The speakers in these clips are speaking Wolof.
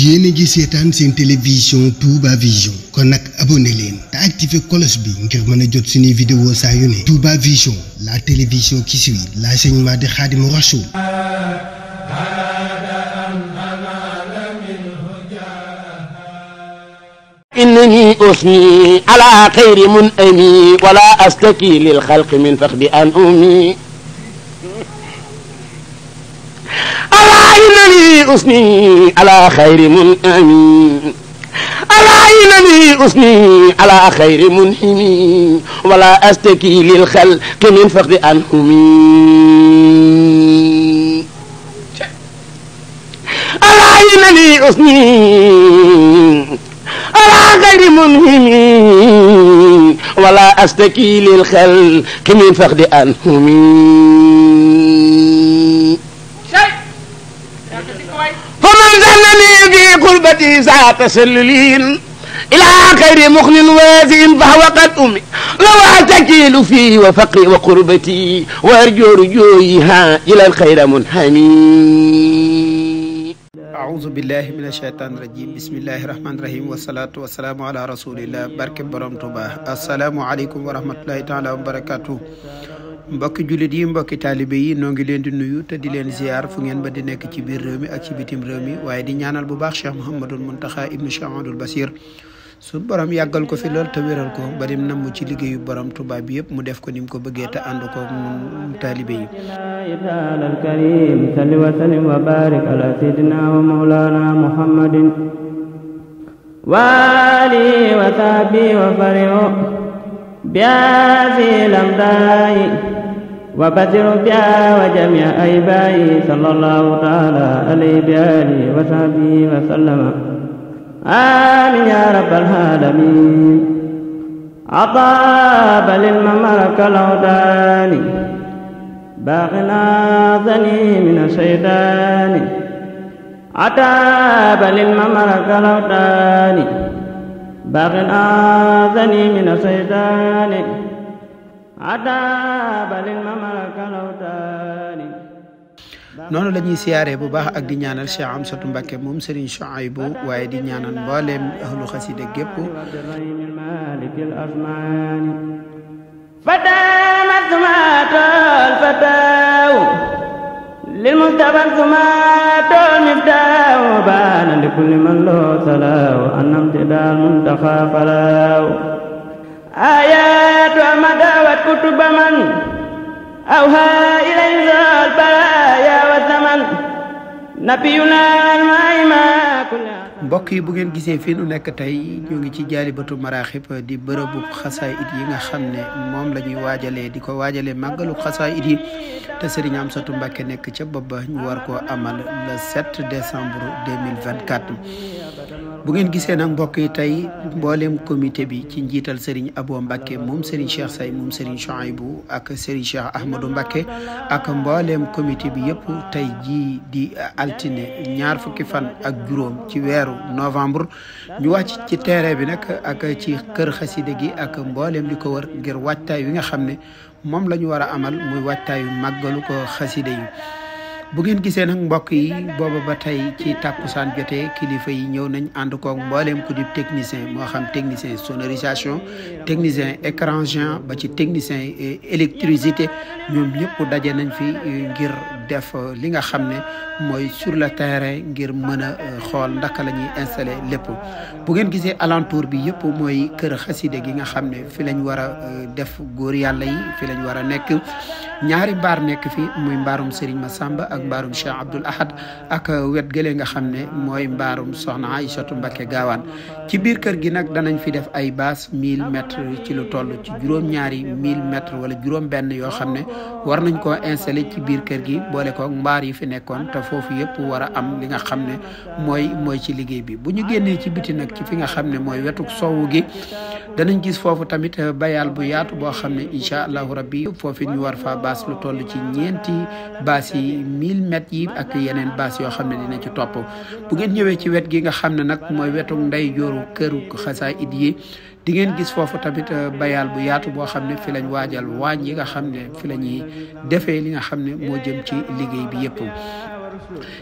yéen a ngi seetaan seen télévision Touba Vision kon nag abonné leen te activé cloche bi ngir mën a jot suñuy vidéo saa yu ne Touba Vision la télévision qui suit l'enseignement de Khadimou Rassoul إنني أثني على خير منأمي ولا أستكي للخلق من فخد أن أمي إنني أثني على خير منعم ألا إنني أثني على خير منهم ولا أستكي للخلق من فقد أنهم ألا إنني أثني على غير منهم ولا أستكي للخلق من فقد أنهم كلبتي ساعة تسللين إلى خير مخن واسع فهو قد أمي لو أتكيل فيه وفقري وقربتي وأرجو رجويها إلى الخير منحني أعوذ بالله من الشيطان الرجيم بسم الله الرحمن الرحيم والصلاة والسلام على رسول الله بارك برم توبا السلام عليكم ورحمة الله تعالى وبركاته mbokki jullit yi mbokki taalibe yi noo ngi leen di nuyu te di leen ziar fu ngeen ba di nekk ci biir réew mi ak ci bitim réew mi waaye di ñaanal bu baax Cheikh Mouhamadul Mountakha ibnu Cheikh Amadul Basir suñ borom yàggal ko fi lool te wéral ko ba dim ci liggéeyu borom tubaab bi yëpp mu def ko ni ko bëggee te ànd ko mu taalibe yi al karim salli wa barik ala sayyidina wa mawlana muhammadin wa alihi wa sahbihi wa farihu bi azilam daayi وبشر بها وجميع أيبائي صلى الله تعالى عليه بآله وصحبه وسلم آمين يا رب العالمين عطاب للمملكة الأوداني باغنا ذني من الشيطان عتاب للمملكة الأوداني باغنا ذني من الشيطان عتاب للمملكة noonu la ñuy siyaaree bu baax ak di ñaanal Cheikh Amsatou Mbacké moom Serigne Chouaïbou waaye di ñaanal mbooleem ahlu xasida gépp فتامت زمات الفتاو للمصطفى زمات المفتاو بان لكل من له صلاو أن امتدى المنتخى فلاو آيات ومدى وكتب من أوها إليه ذا البرايا والزمن نبينا المايما كلها mbokk yi bu ngeen gisee fii nu nekk tey ñu ngi ci jaalibatu maraaxib di bërëbu xasaayit yi nga xam ne moom la ñuy waajalee di ko waajalee màggalu xasaayit yi te Serigne satu mbakke nekk ca bopp ba ñu war ko amal le 7 décembre 2024. bu ngeen gisee nag mbokk yi tey mboolem comité bi ci njiital Serigne Abo Mbacke moom Serigne Cheikh Say moom Serigne bu ak Serigne Cheikh Ahmadou Mbacke ak mbooleem comité bi yëpp tey jii di altine ñaar fukki fan ak juróom ci weeru novembre ñu wàcc ci terrain bi nag ak ci kër xaside gi ak mboolem li ko wër ngir waajtaay wi nga xam ne moom la ñu war a amal muy mag màggalu ko xaside yi bu ngeen gisee nag mbokk yi booba ba tey ci tàkkusaan jotee kilifa yi ñëw nañ ànd koog mbooleem ku di technicien moo xam technicien sonorisation technicien écran ba ci technicien électricité ñoom yëpp daje nañ fi ngir def li nga xam ne mooy sur le terrain ngir mën a xool ndaka la ñuy installé lépp bu ngeen gisee alentour bi yëpp mooy kër xaside gi nga xam ne fi lañ war a def góor yàlla yi fi lañ war a nekk ñaari mbaar nekk fi muy mbaarum ma Massamba ak mbaarum Cheikh Abdoul Ahad ak wet gële nga xam ne mooy mbaarum Soxna Aïssatou Mbacké Gaawaan ci biir kër gi nag danañ fi def ay baas 1000 mètres ci lu toll ci juróom-ñaari 1000 mètres wala juróom-benn yoo xam ne war nañ koo installé ci biir kër gi boole ko mbaar yi fi nekkoon te foofu yëpp war a am li nga xam ne mooy mooy ci liggéey bi bu ñu génnee ci biti nag ci fi nga xam ne mooy wetuk soowu gi danañ gis foofu tamit euh, bayaal bu yaatu boo xam ne incha allahu rabbi foofu ñu war fa baas lu toll ci ñeenti baas yi 1000 yi ak yeneen baas yoo xam ne dina ci topp bu ngeen ñëwee ci wet gi nga xam ne nag mooy wetu nday jooru këru xasaayid yi di ngeen gis foofu tamit euh, bayaal bu yaatu boo xam ne fi lañ waajal waañ yi nga xam ne fi la ñuy defee li nga xam ne moo jëm ci liggéey bi yëpp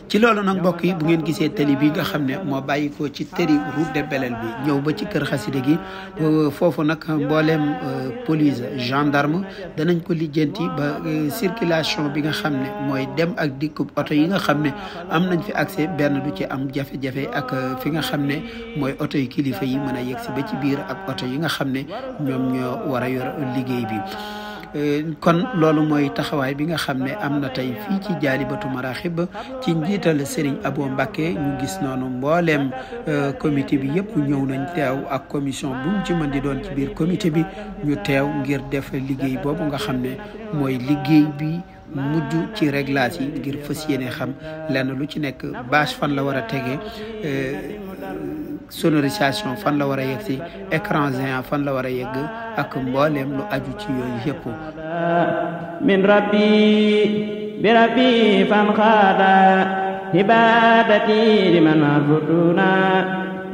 ci loolu nag mbokk yi bu ngeen gisee tali bi nga xam ne moo bàyyi bàyyikoo ci tëri route de Belel bi ñëw ba ci kër xasida gi euh, foofu nag mbooleem euh, police gendarme danañ ko lijjanti ba euh, circulation bi nga xam ne mooy dem ak dikkub oto yi nga xam ne am nañ fi accès benn du ci am jafe ak fi nga xam ne mooy oto kilifa yi mën a yegg si ba ci biir ak oto yi nga xam ne ñoom war a yor liggéey bi Eh, kon loolu mooy taxawaay bi nga xam ne am na tey fii ci jaalibatu maraaxib ci njiital Serigne Abo Mbacké ñu gis noonu mbooleem eh, comité bi yëpp ñëw nañ teew ak commission bu mu ci mën di doon ci biir comité bi ñu teew ngir def liggéey boobu nga xam ne mooy liggéey bi mujj ci réglage yi ngir fas yéene xam lenn lu ci nekk bâche fan la war a tege eh, sonorisation fan la war a yegg si écran fan la war a yegg ak mbooleem lu aju ci yooyu yëpp min rabbi bi rabbi fan xaada ibadati liman arbutuna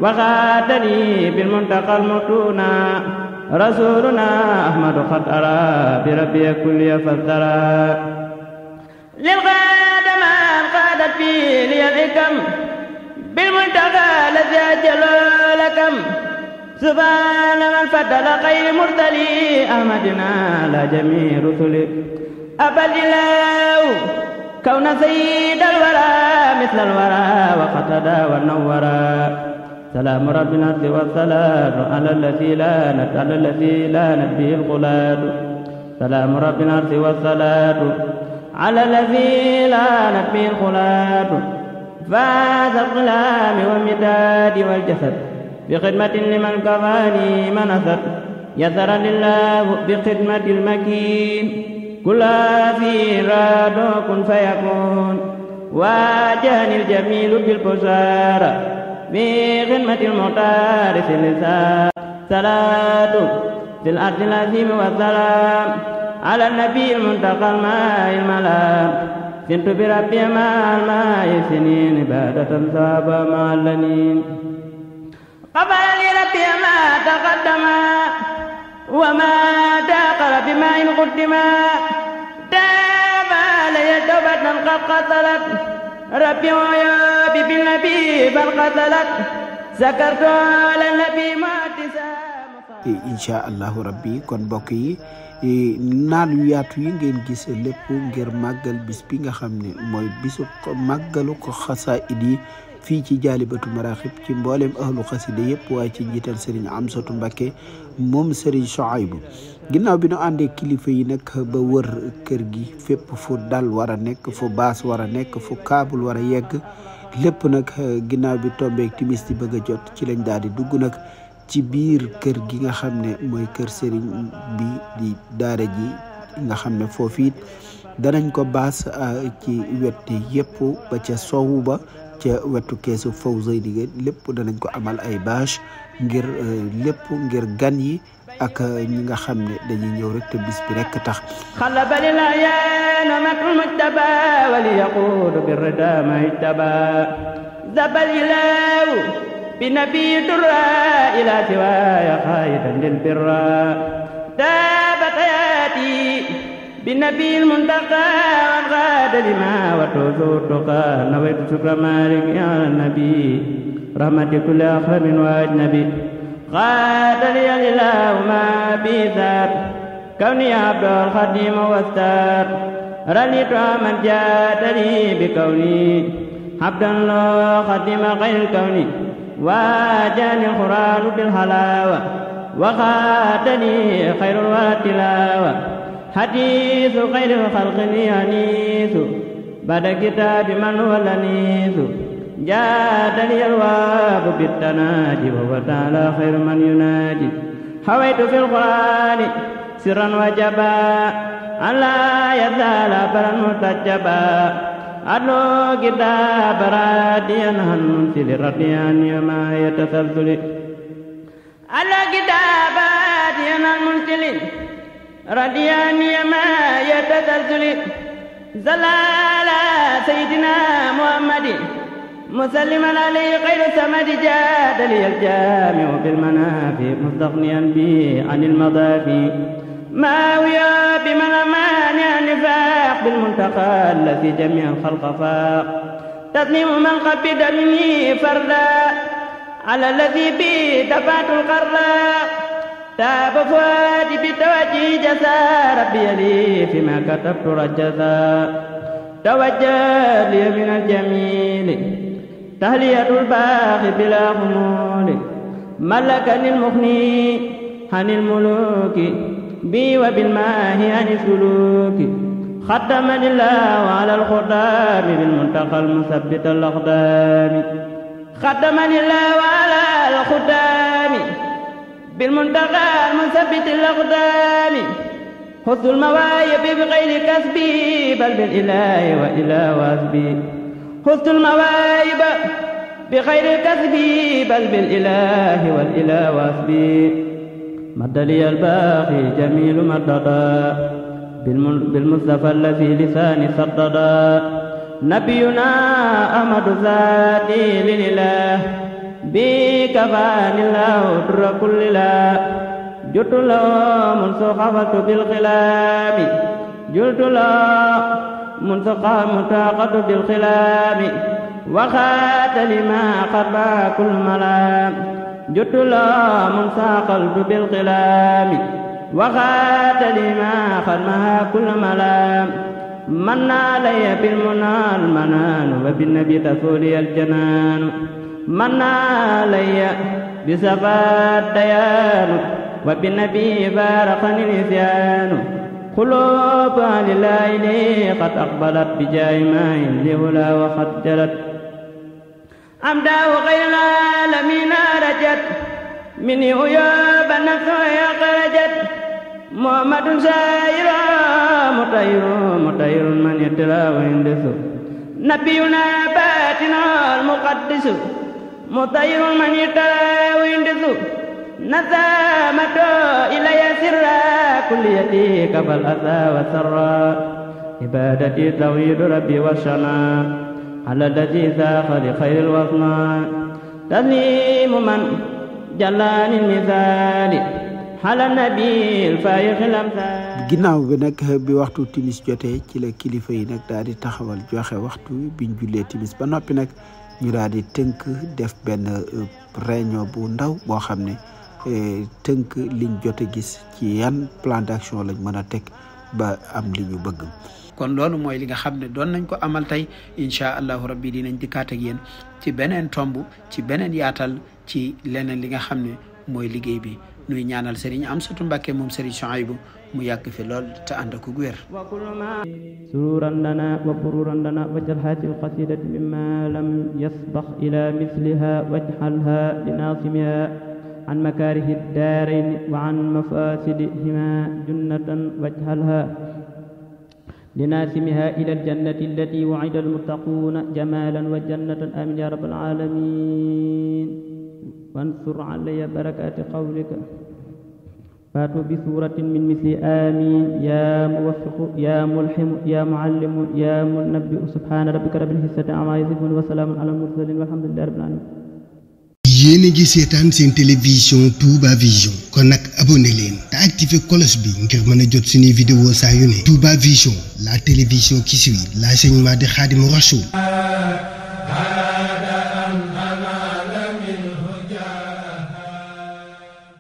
wa xaadani bil muntaqal mutuna rasuluna ahmadu xad ara bi rabbi kulli fadara lil xaada man xaadat fi liyal ikam bil muntaqa la si ajjaloo lakam subhaana man faddala xayri mursali ahmadina la jami rusuli abal ilaaw kawna sayyidal wara mislal wara wa qatada wa nawwara salaamu rabbina ardi wa salaatu ala allati la nat ala allati la nat bihi alqulaatu salaamu rabbina ardi wa salaatu ala allati la nat bihi alqulaatu فاز الظلام والمداد والجسد بخدمة لمن كفاني من أثر يسر الله بخدمة المكين كل في راد كن فيكون واجهني الجميل بالبشارة بخدمة المختار في اللسان صلاة في الأرض العظيم والسلام على النبي المنتقى الماء الملام كنت بربي مع الماء سنين عبادة ثوابا مع اللنين غفر لربي ما تقدم وما تاخر بماء قدما تاب علي توبة قد قتلت ربي ويا بالنبي بل قتلت سكرت على النبي ما incha allahu rabbi kon mbokk yi e, naan yu yaatu yi ngeen gis lépp ngir màggal bis bi nga xam ni mooy bisu màggalu ko xasaayid yi fii ci jaalibatu maraxib ci mboolem ahlu xasida yëpp waaye ci njiital Serigne Amsatu Mbakke moom Serigne Soaybu ginnaaw bi nu àndee kilifa yi nag ba wër kër gi fépp fu dal war a nekk fu baas war a nekk fu kaabul war a yegg lépp nag ginnaaw bi tombeek timis di bëgg a jot ci lañ daal di dugg nag ci biir kër gi nga xam ne mooy kër sëriñ bi di daara ji nga xam ne foofu danañ ko baas euh, ci wet yëpp ba ca sowu ba ca wetu keesu Fawzeyni lépp danañ ko amal ay bâche ngir euh, lépp ngir gan yi ak euh, ñi nga xam ne dañuy ñëw rek te bis bi rek tax xala بنبي درا إلى سواي قائدا للبرا دابت حياتي بنبي المنتقى وانغاد لما وتوزو التقى نويت شكر مالك يا النبي رحمة كل أخر وأجنبي غاد لي الإله ما بذات كوني عبد الخديم والستار رنيت من جاتني بكوني عبدا الله خديم غير كوني واجاني القرآن بالحلاوة وخاتني خير الواتلاوة حديث خير الخلق لي أنيث بعد كتاب من هو الأنيث جادني الواب بالتناجي وهو تعالى خير من يناجي حويت في القرآن سرا وجبا أن لا يزال بلا مرتجبا ado gida baradiyan han fili radiyan yama yatasazzuli ado gida baradiyan han multili radiyan yama yatasazzuli zalala sayyidina muhammadin مسلما عليه غير سمد جاد لي الجامع بالمنافي مستغنيا بي عن المضافي ما ويا بمن مانع نفاق بالمنتقى الذي جميع الخلق فاق تتميم من قبض مني فردا على الذي بي دفعت القرا تاب فؤادي بالتوجه جزا ربي لي فيما كتبت رجزا توجه لي من الجميل تهلية الباغي بلا خمول ملكني المخني عن الملوك بي وبالماء عن السلوك xatamani laahu alal xudaami bil muntaxal musabbital axdaami xatamani laahu alal xudaami bil muntaxal musabbital axdaami xusnul mawaayibi bi xayri kasbi bal bil ilaahi wa ilaa wasbi xusnul mawaayiba bi xayri kasbi bal bil ilaahi wa ilaa wasbi maddaliyal baaqi jamiilu maddadaa بالمصطفى الذي لساني صددا نبينا أحمد زادي لله بكفاني الله در كل لا جرت له منذ خفت بالخلام جرت له منذ قامت عقد بالخلام وخات لما قربا كل ملام جرت له من ساق بالخلام وغادر ما خدمها كل ملام من علي بالمنى المنان وبالنبي تسولي الجنان من علي بسفا الديان وبالنبي بارقني النسيان قلوب لله لي قد أقبلت بجاه ما يملئها وقد جلت أمداه غير العالمين رجت من عيوب نفسها خرجت محمد سائر مطير مطير من يتلى ويندس نبينا باتنا المقدس مطير من يتلى ويندس نسامة إلي سرا كليتي كفى الأذى وسرا عبادتي توحيد ربي والشنا على الذي ذاق لخير الوصنا تسليم من جلاني المثال ginnaaw bi nag bi waxtu timis jotee ci la kilifa yi nag daal di taxawal joxe waxtu biñ jullee timis ba noppi nag ñu daal di tënk def benn euh, réunion bu ndaw boo xam ne euh, tënk liñ jote gis ci yan plan d'action lañ mën a teg ba am li bëgg kon loolu mooy li nga xam ne doon nañ ko amal tey incha allahu rabbi dinañ dikkaat ak yéen ci beneen tomb ci beneen yaatal ci leneen li nga xam ne mooy liggéey bi nuy ñaanal Serigne Amsatou Mbacké moom Serigne Souhaïbou mu yàgg fi lool te ànd ak wér suran lana wa bururan lana wajal haati alqasidati mimma lam yasbax ila misliha wajxalha linasimiha an makaarihi daarayni wa an mafasidihima junnatan wajxalha لناسمها إلى الجنة التي وعد المتقون جمالا وجنة آمين يا رب العالمين wansur alaya barakaati qawlika faatu bi a ngi seetaan seen télévision Touba Vision kon nag abonné leen te activé cloche bi ngir mën jot suñuy vidéo saa yu ne Touba Vision la télévision qui suit l'enseignement de Khadimou Rassoul